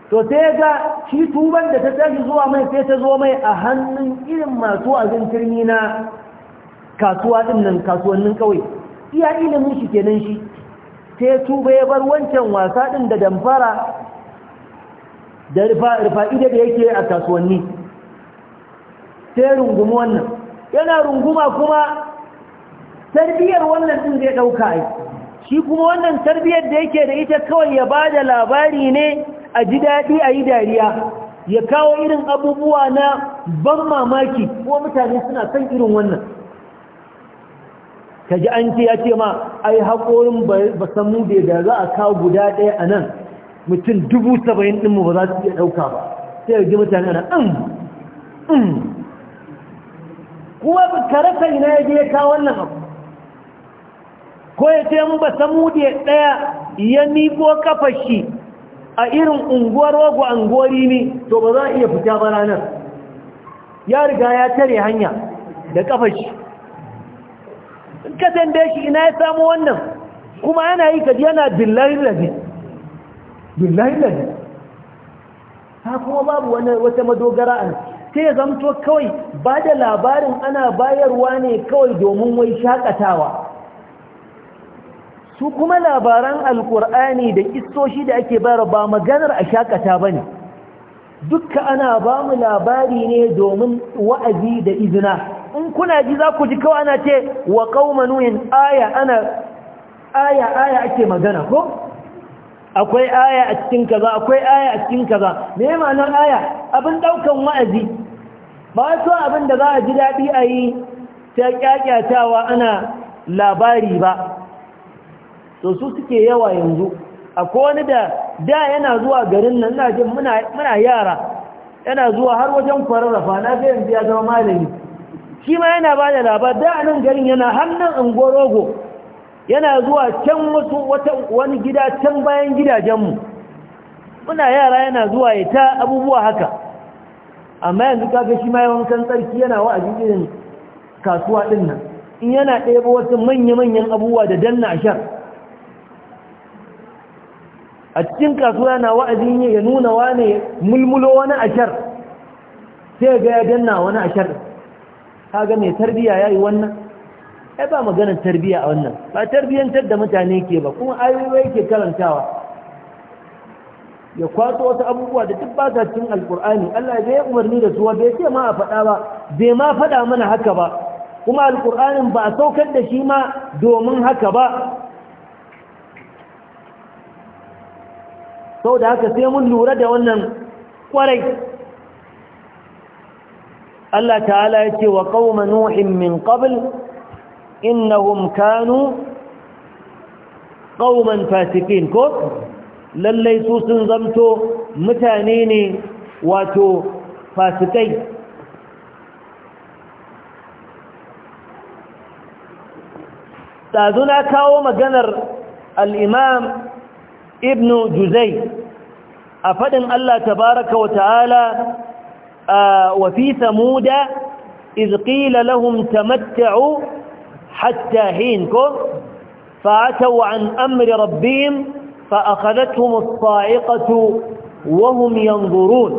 to sai ga shi tuban da ta tashi zuwa mai sai ta zo mai a hannun irin masu azin turmi na kasuwa din nan kasuwannin kawai iya ilimin shi kenan shi sai tuba ya bar wancan wasa din da damfara da rufa'ida da yake a kasuwanni sai rungumi wannan yana runguma kuma tarbiyyar wannan din zai ɗauka aiki shi kuma wannan tarbiyyar da yake da ita kawai ya ba da labari ne a ji daɗi a yi dariya ya kawo irin abubuwa na ban mamaki ko mutane suna son irin wannan ka ji an ce ya ce ma ai haƙorin ba samu da da za a kawo guda ɗaya a nan mutum dubu saba'in ɗinmu ba za su iya ɗauka ba sai ya ji mutane na ɗin mm, mm. kuma ka rasa ina ya je ya kawo wannan abu ko ya ce ba samudi ɗaya ya niko kafashi a irin unguwar an gori ne to ba za a iya fita ba ranar ya riga ya tare hanya da kafashi ka tambaye shi ina ya samu wannan kuma yana yi kaji yana billahi lafi billahi lafi ta kuma babu wata madogara a sai ya zamto kawai ba da labarin ana bayarwa ne kawai domin wai shakatawa su kuma labaran alkur'ani da kistoshi da ake bayar ba maganar a shakata ba ne dukka ana ba mu labari ne domin wa'azi da izina in kuna ji za ku ji kawai ana ce wa ƙaumanuhin aya ana aya aya ake magana ko akwai aya a cikin kaza akwai aya a cikin kaza me ma'anar aya abin daukan wa'azi ba so abin da za a ji daɗi a yi ta kyakyatawa ana labari ba to su suke yawa yanzu akwai wani da da yana zuwa garin nan na jin muna yara yana zuwa har wajen kwararrafa na ga yanzu ya zama malami shi ma yana ba da labar da nan garin yana hannun angorogo yana zuwa can wasu wani gida can bayan gidajenmu muna yara yana zuwa ya ta abubuwa haka amma yanzu kaga shi ma yawan kan tsarki yana wa'azi irin kasuwa din nan in yana ɗebo wasu manya-manyan abubuwa da danna a shar a cikin kasuwa wa'azin wa'azi ya nuna wane mulmulo wani ashar sai ga ya danna wani ashar ga mai tarbiya yi wannan ai ba maganar tarbiya a wannan ba tarbiyantar da mutane ke ba kuma ayoyi ke karantawa ya kwato wasu abubuwa da duk ba ta cikin alkur'ani Allah bai umarni da suwa bai ce ma a faɗa ba bai ma faɗa mana haka ba kuma alkur'anin ba a saukar da shi ma domin haka ba sau da haka sai mun lura da wannan kwarai Allah ta'ala ya ce wa qauma nuhin min qabl innahum kanu qauman fasikin ko lallai su sun zamto mutane ne wato fasikai na kawo maganar al'imam ibn juzai a faɗin Allah tabaraka wa ta'ala wa fi samuda iz qila lahum tamatta'u hatta hin ko fa'atu an amri rabbihim fa akhadathum as-sa'iqatu wa hum yanzurun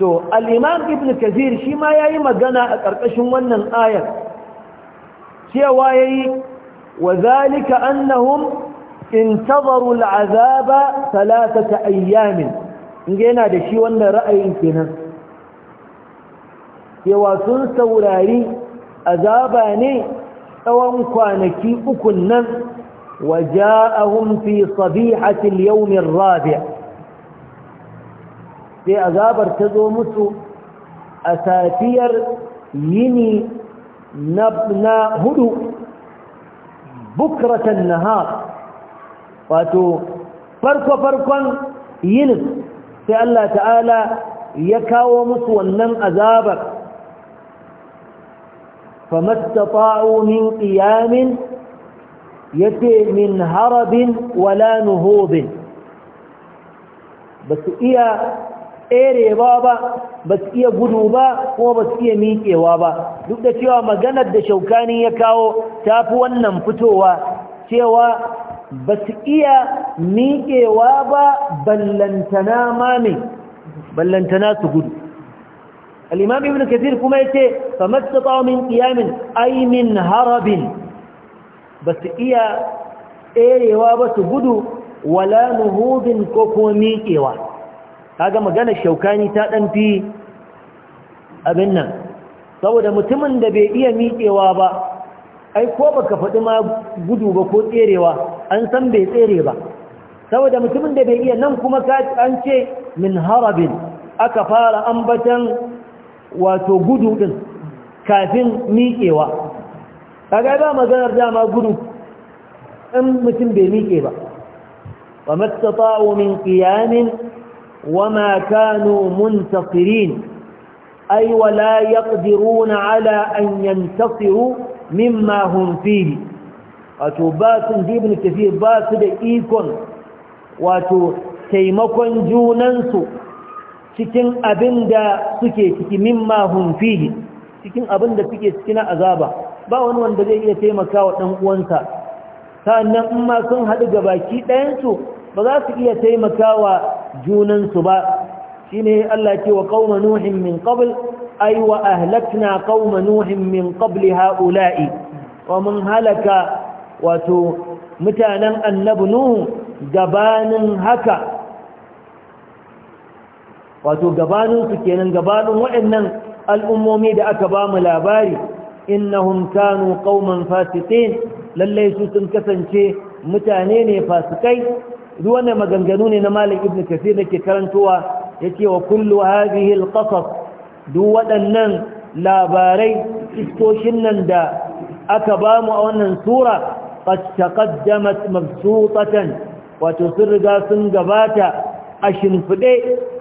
to al-imam ibn kathir shi ma yayi magana a ƙarƙashin wannan ayar cewa yayi وذلك أنهم انتظروا العذاب ثلاثة أيام نجينا ده شي وانا رأي كنا يواسون سوراري أذاباني أو أنكوانكي أكنا وجاءهم في صبيحة اليوم الرابع في أذاب ارتضوا مسو أساتير يني نبنا هدو bukratan nahar wato farko farkon yin sai Allah ta'ala ya kawo musu wannan azabar famastata'u min qiyamin yace min harabin wala nuhubin basu iya tserewa ba ba su iya gudu ba kuma ba su iya miƙewa ba duk da cewa maganar da shaukani ya kawo tafi wannan fitowa cewa ba su iya miƙewa ba ballantana mame ballantana su gudu al'imam ibn kathir kuma ya ce kamar su min ƙiyamin aimin harabin ba su iya tserewa ba su gudu wala nuhudin ko kuma miƙewa kaga magana shaukani ta dan fi abin nan saboda mutumin da bai iya miƙewa ba ai ko baka faɗi ma gudu ba ko tserewa an san bai tsere ba saboda mutumin da bai iya nan kuma ka an ce min harabin aka fara ambatan wato gudu din kafin miƙewa kaga ba maganar dama gudu in mutum bai miƙe ba wa mastata'u min qiyamin وما كانوا منتصرين أي ولا يقدرون على أن ينتصروا مما هم فيه wato ba sun ji ibn da ikon wato taimakon junansu cikin abin da suke ciki mimma hum cikin abin da suke ciki na azaba ba wani wanda zai iya taimakawa ɗan dan uwansa sannan in ma sun haɗu ga baki ɗayansu ba za su iya taimakawa junansu ba shine Allah ce wa kauma nuhin min qabl ay wa ahlakna kauma nuhin min qabl haula'i wa mun halaka wato mutanen annabi nuhu gabanin haka wato gabanin su kenan gabanin waɗannan al'ummomi da aka ba mu labari innahum kanu kauman fasiqin lallai su sun kasance mutane ne fasikai duk wannan maganganu ne na malik ibn kasir da ke karantowa ce wa kullu hadhihi alqasas duk waɗannan labarai iskoshin nan da aka bamu a wannan sura qad taqaddamat mabsutatan wato sun riga sun gabata a shimfiɗe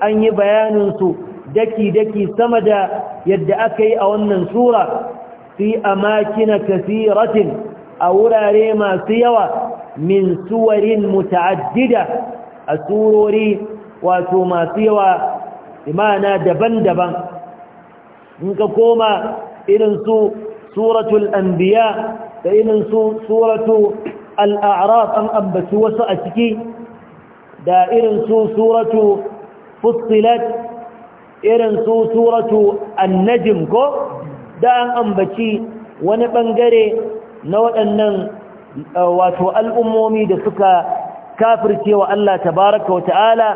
an yi bayanin su daki daki sama da yadda aka yi a wannan sura fi amakina kasiratin a wurare masu yawa min suwarin muta'addida a surori wato masu yawa imana daban-daban in ka koma irin su suratul anbiya da irin su suratu al'araf an ambaci wasu a ciki da irin su suratu fustilat irin su suratu annajim ko da an ambaci wani ɓangare. na waɗannan wato al'ummomi da suka kafirce wa Allah tabaraka wa ta'ala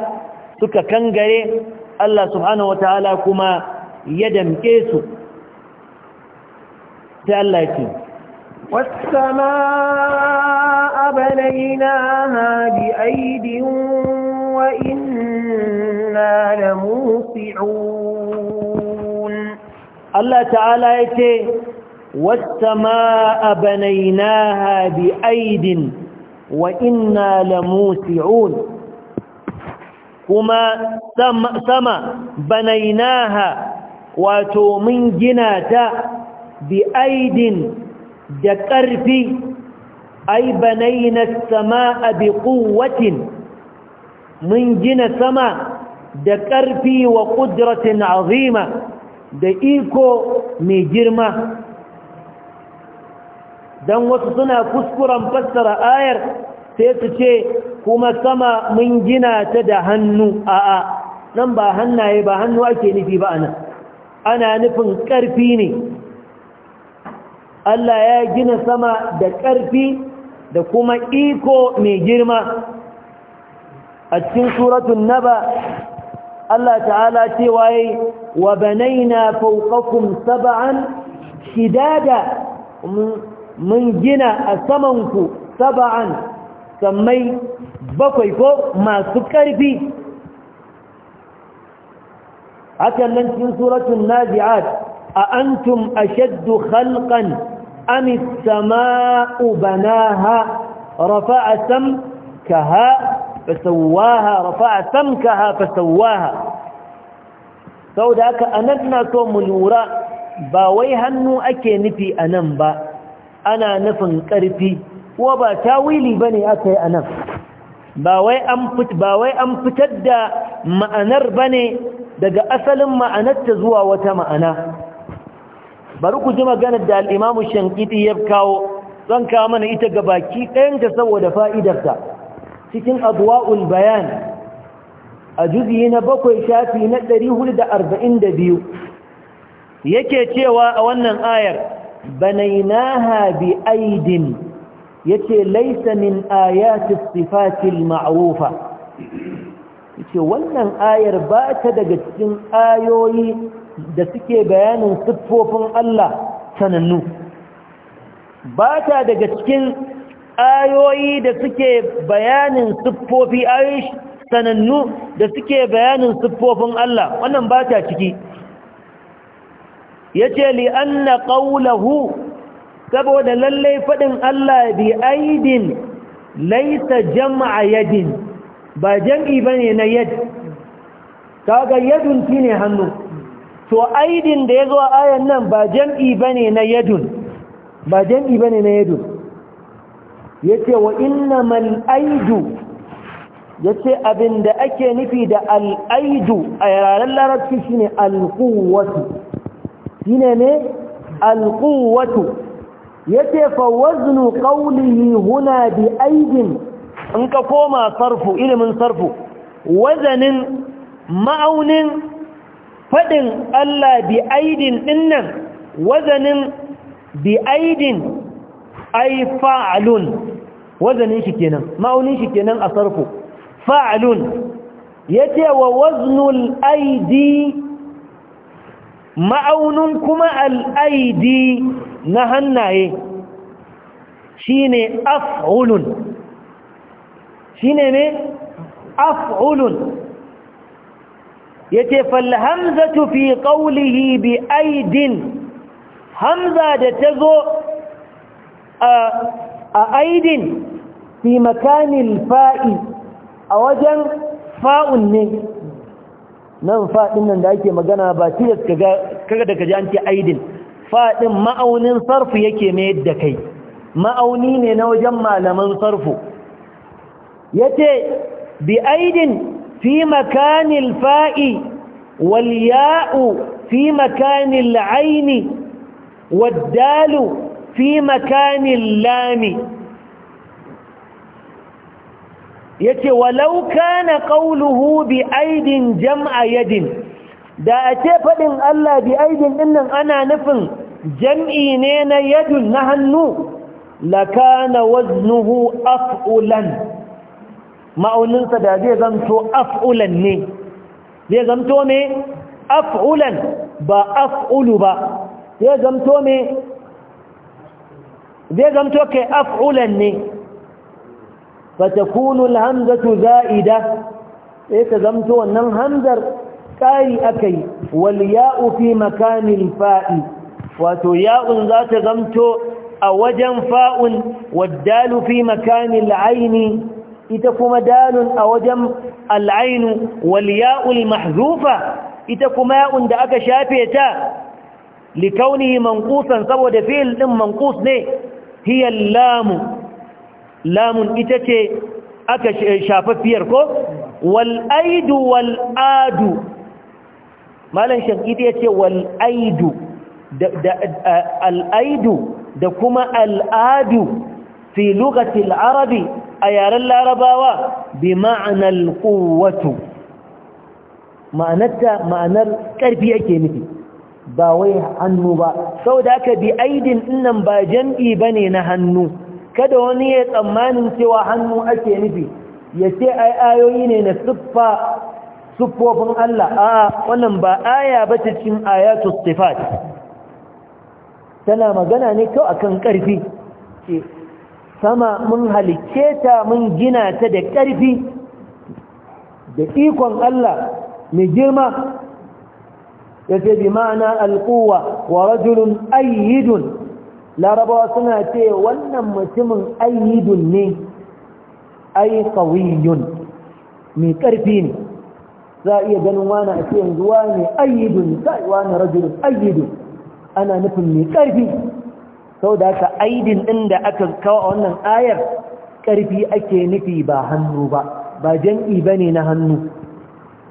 suka kangare Allah subhanahu wa ta'ala kuma ya damke su ta Allah ce da بنيناها بأيد وإنا لموسعون الله تعالى يتي والسماء بنيناها بأيد وإنا لموسعون كما سما, سما بنيناها واتو من جناتا بأيد جكرفي أي بنينا السماء بقوة من جنة سما جكرفي وقدرة عظيمة دئيكو مجرمة don wasu suna kuskuren fassara ayar sai su ce kuma sama mun gina ta da hannu a'a nan ba hannaye ba hannu ake nufi ba nan ana nufin ƙarfi ne Allah ya gina sama da ƙarfi da kuma iko mai girma a cikin suratun naba Allah ta'ala cewa yi wa banaina fauqakum sab'an shidada mun gina a samanku saba'an sammai bakwai ko masu ƙarfi hakan nan cikin suratun nazi'at a antum ashaddu khalqan am as-samaa'u banaha rafa'a samkaha fasawaha rafa'a samkaha fasawaha saboda aka anan na so mu lura ba wai hannu ake nufi anan ba ana nufin ƙarfi kuwa ba tawili bane aka yi anan ba wai an ba wai an fitar da ma'anar bane daga asalin ma'anarta zuwa wata ma'ana bari ku ji maganar da al-Imam Shankiti ya kawo zan kawo mana ita ga baki ɗayan ta saboda fa'idarta cikin abuwa'ul bayan a juzi na bakwai shafi na 442 yake cewa a wannan ayar banainaha bi aidin yace laisanin min ayati sifatil ma'rufa yace wannan ayar ba ta daga cikin ayoyi da suke bayanin siffofin Allah sanannu ba ta daga cikin ayoyi da suke bayanin siffofi ayoyi sanannu da suke bayanin siffofin Allah wannan ba ciki Ya ce li anna qawluhu saboda lallai faɗin Allah bi aidin laisa jama'a yadin ba jam'i bane na yad kaga yadun shine hannu to aidin da ya a ayan nan ba jam'i bane na yadun ba jam'i bane na yadun ce wa ina innamal aidu Ya ce abin da ake nufi da al aidu a yaren larabci shine ne quwwatu shine ne alquwwatu yace fa waznu qawlihi huna bi aidin in ka koma sarfu ilimin sarfu wazanin ma'aunin fadin Allah bi aidin dinnan wazanin bi aidin ay fa'alun wazanin shi kenan ma'aunin shi kenan a sarfu fa'alun yace wa waznul aidi ma'aunin kuma al'aidi na hannaye shi ne af'ulun shi ne ne af'ulun ya ce Hamza tufi ƙaulihi bi aidin hamza da ta zo a aidin fi makanin fa'i a wajen fa'un ne nan fadin nan da ake magana ba tilas kaga da kaji an ce aidin fadin ma'aunin sarfu yake mai yadda kai ma'auni ne na wajen malaman sarfu yace bi aidin fi makanil fa'i wal ya'u fi makanil aini wad waddalu fi makanil lami yace walau kana ƙauluhu bi aidin jam'a yadin da a ce faɗin Allah bi aidin dinnan ana nufin jam'i ne na yadun na hannu lakana waznuhu af'ulan ma'aunin sa da zai zanto af'ulan ne zai zanto ne af'ulan ba af'ulu ba zai zanto ne zai zanto kai af'ulan ne fatakunu alhamzatu za'ida sai ta zamto wannan hamzar ƙari akayi wal fi makanin fa'i wato ya'un za ta zamto a wajen fa'un waddalu fi makanin al'aini ita kuma dalun a wajen al'ainu wal ya'ul ita kuma ya'un da aka shafe ta likaunihi manqusan saboda fil ɗin manqus ne hiya lamu lamun ita ce aka eh, shafaffiyar ko wal'aidu wal'adu malam shankiti ya ce wal'aidu al'aidu da kuma al'adu fi lugatil arabi a yaren larabawa bi ma'anar kowatu ma'anarta ma'anar ƙarfi ake nufi ba wai hannu ba sau da aka bi aidin nan ba jam'i ba ne na hannu kada wani ya tsammanin cewa hannu ake nufi ya ce ai ayoyi ne na siffa siffofin Allah a wannan ba aya ba ta cikin ayatu sifat tana magana ne kyau akan ƙarfi. ce sama mun halicce ta mun gina ta da ƙarfi. da ikon Allah mai girma yace bi ma'ana alƙuwa wa rajulun ayyidun larabawa suna ce wannan mutumin ayyidun ne ay kawiyun mai karfi ne za iya ganin wani a ce yanzu wani ayyidun sai wani rajulun ayyidun ana nufin mai karfi sau da aka aidin ɗin da aka kawo a wannan ayar ƙarfi ake nufi ba hannu ba ba jan'i ba ne na hannu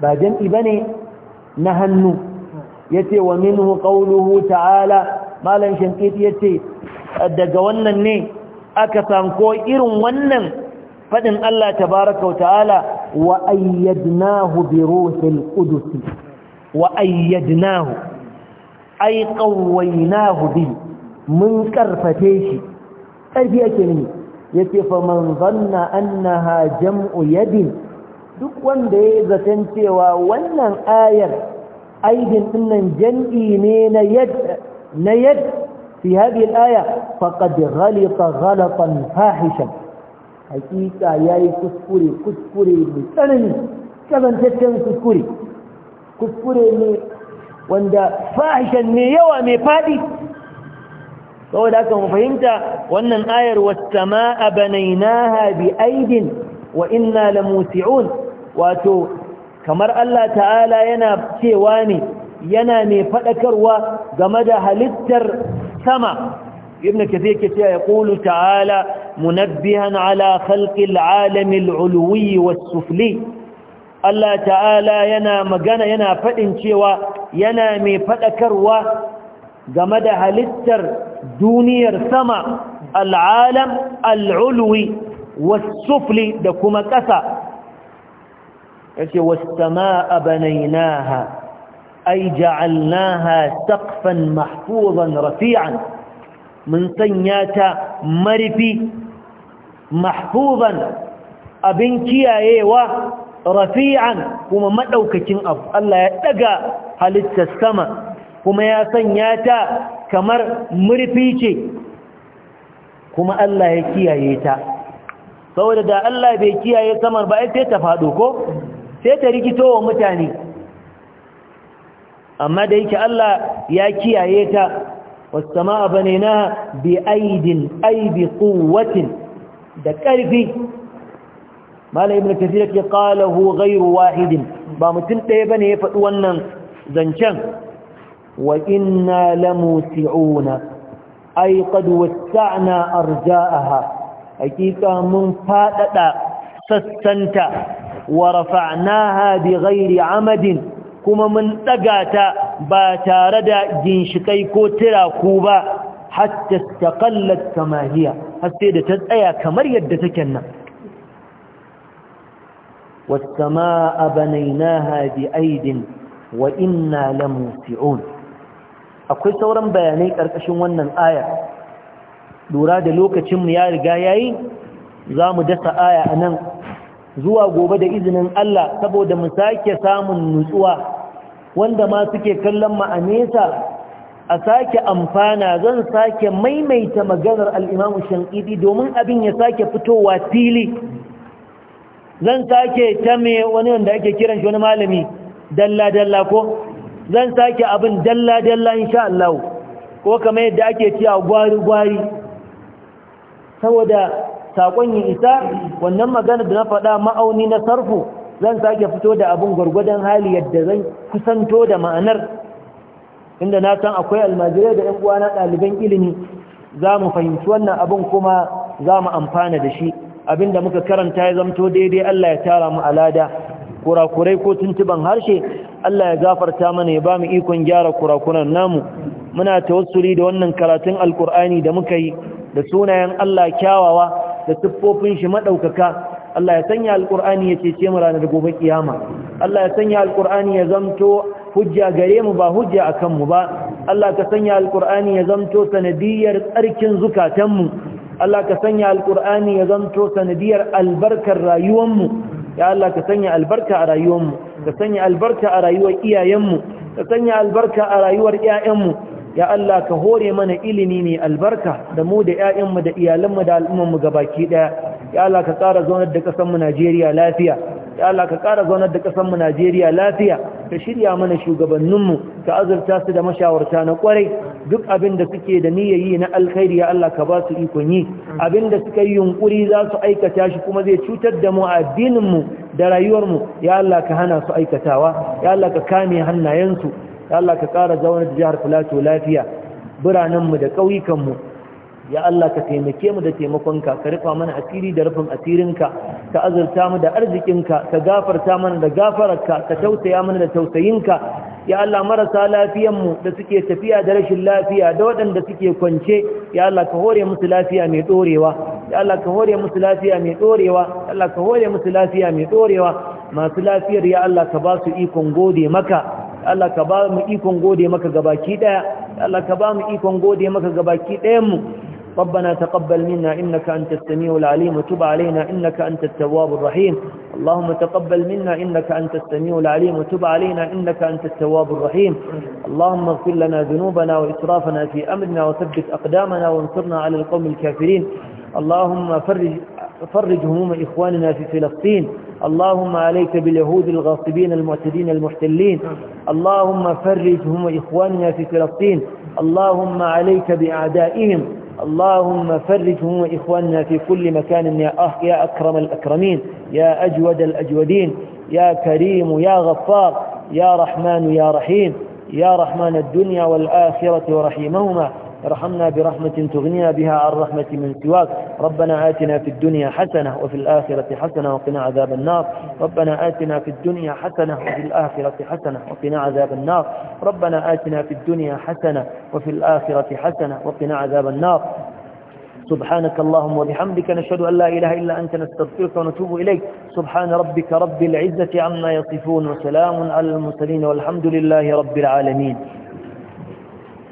ba jan'i ba ne na hannu ya ce wa minhu ƙauluhu ta'ala malam shankiti ya ce daga wannan ne aka sanko irin wannan faɗin Allah tabaraka wa ta'ala wa ayyadnahu bi ruhil qudus wa ayyadnahu ay qawwaynahu bi mun karfate shi karfi yake ne yace fa man zanna annaha jam'u yadin duk wanda ya zaton cewa wannan ayar aidin dinnan jam'i ne na yadda na yad fi hadhihi al-aya faqad ghalita ghalatan fahishan hakika yayi kuskure kuskure mai tsanani kazantaccen kuskure kuskure ne wanda fahishan ne yawa mai fadi saboda haka mu fahimta wannan ayar was-samaa banaynaha bi aidin wa inna lamusi'un wato kamar Allah ta'ala yana cewa ne yana mai faɗakarwa game da halittar sama ibn kathir ke cewa ya ƙulu ta'ala munabbihan ala khalqil alamil ulwi was sufli Allah ta'ala yana magana yana faɗin cewa yana mai faɗakarwa game da halittar duniyar sama al'alam al'ulwi was-sufli da kuma ƙasa yake was-samaa banaynaha ai ja'alnaha saqfan mahfuzan rafi'an mun sanya ta marifi mahfuzan abin kiyayewa rafi'an kuma madaukakin abu Allah ya daga halittar sama kuma ya sanya ta kamar murfi ce kuma Allah ya kiyaye ta saboda da Allah bai kiyaye saman ba sai ta fado ko sai ta rikito wa mutane amma da yake Allah ya kiyaye ta wasama'a banaina bi aidin ay bi da ƙarfi mala ibn kathir yake qalahu ghayru wahidin ba mutum ɗaya bane ya faɗi wannan zancen wa inna lamusi'una ay qad watta'na arja'aha hakika mun faɗaɗa sassanta wa rafa'naha bi ghairi amadin kuma mun ɗaga ta ba tare da ginshikai ko tiraku ba hatta taƙallar har sai da ta tsaya kamar yadda take nan wasama a banainaha bi aidin wa inna lamusi'un akwai sauran bayanai ƙarƙashin wannan aya lura da lokacinmu ya riga yayi za mu dasa aya a nan zuwa gobe da izinin Allah saboda mu sake samun nutsuwa wanda ma suke kallon mu a nesa a sake amfana zan sake maimaita maganar al'imamu shanƙidi domin abin ya sake fitowa fili zan sake ta me wani wanda ake kiran shi wani malami dalla-dalla ko zan sake abin dalla-dalla insha Allah ko kamar yadda ake a gwari-gwari saboda sakon yi isa wannan magana da na faɗa ma'auni na sarfu zan sake fito da abin gwargwadon hali yadda zan kusanto da ma'anar inda na san akwai almajirai da 'yan uwa na ɗaliban ilimi za mu fahimci wannan abin kuma za mu amfana da shi abinda muka karanta ya zamto daidai Allah ya tara mu alada kurakurai ko tuntuban harshe Allah ya gafarta mana ya ba mu ikon gyara kurakunan namu muna tawassuli da wannan karatun alkur'ani da muka yi da sunayen Allah kyawawa da siffofin shi maɗaukaka. Allah ya sanya Alƙur'ani ya cece mu ranar gobe kiyama Allah ya sanya Alƙur'ani ya zamto hujja gare mu ba hujja akan mu ba Allah ka sanya Alƙur'ani ya zamto sanadiyar tsarkin zukatan mu Allah ka sanya Alƙur'ani ya zamto sanadiyar albarkar rayuwar mu ya Allah ka sanya albarka a rayuwar mu ka sanya albarka a rayuwar iyayen mu ka sanya albarka a rayuwar ƴaƴan mu ya Allah ka hore mana ilimi mai albarka da mu da ƴaƴanmu da iyalanmu da al'ummanmu gabaki ɗaya ya Allah ka ƙara zaunar da ƙasarmu Najeriya lafiya ya Allah ka ƙara zaunar da mu Najeriya lafiya ka shirya mana shugabanninmu ka azurta su da mashawarta na kwarai duk abin da suke da niyyayi na alkhairi ya Allah ka ba su ikon yi abin da suka yi yunkuri za su aikata shi kuma zai cutar da mu a addininmu da rayuwarmu ya Allah ka hana su aikatawa ya Allah ka kame hannayensu Ya Allah ka ƙara zaune da jihar Filato lafiya biranenmu da ƙauyukanmu ya Allah ka taimake mu da taimakonka ka rufa mana asiri da rufin asirinka ka azurta mu da arzikinka ka gafarta mana da gafararka ka tausaya mana da tausayinka ya Allah marasa lafiyanmu da suke tafiya da rashin lafiya da waɗanda suke kwance ya Allah ka hore musu lafiya mai ɗorewa ya Allah ka hore musu lafiya mai ɗorewa ya Allah ka hore musu lafiya mai ɗorewa masu lafiyar ya Allah ka ba su ikon gode maka Allah ka ba mu ikon gode maka gabaki daya Allah ka ba mu ikon gode maka gabaki dayan mu ربنا تقبل منا إنك أنت السميع العليم وتب علينا إنك أنت التواب الرحيم اللهم تقبل منا إنك أنت السميع العليم وتب علينا إنك أنت التواب الرحيم اللهم اغفر لنا ذنوبنا وإسرافنا في أمرنا وثبت أقدامنا وانصرنا على القوم الكافرين اللهم فرج, فرج هموم إخواننا في فلسطين اللهم عليك باليهود الغاصبين المعتدين المحتلين اللهم فرجهم وإخواننا في فلسطين اللهم عليك بأعدائهم اللهم فرجهم وإخواننا في كل مكان يا, أه يا أكرم الأكرمين يا أجود الأجودين يا كريم يا غفار يا رحمن يا رحيم يا رحمن الدنيا والآخرة ورحيمهما ارحمنا برحمة تغنينا بها عن رحمة من سواك ربنا آتنا في الدنيا حسنة وفي الآخرة حسنة وقنا عذاب النار ربنا آتنا في الدنيا حسنة وفي الآخرة حسنة وقنا عذاب النار ربنا آتنا في الدنيا حسنة وفي الآخرة حسنة وقنا عذاب النار سبحانك اللهم وبحمدك نشهد أن لا إله إلا أنت نستغفرك ونتوب إليك سبحان ربك رب العزة عما يصفون وسلام على المرسلين والحمد لله رب العالمين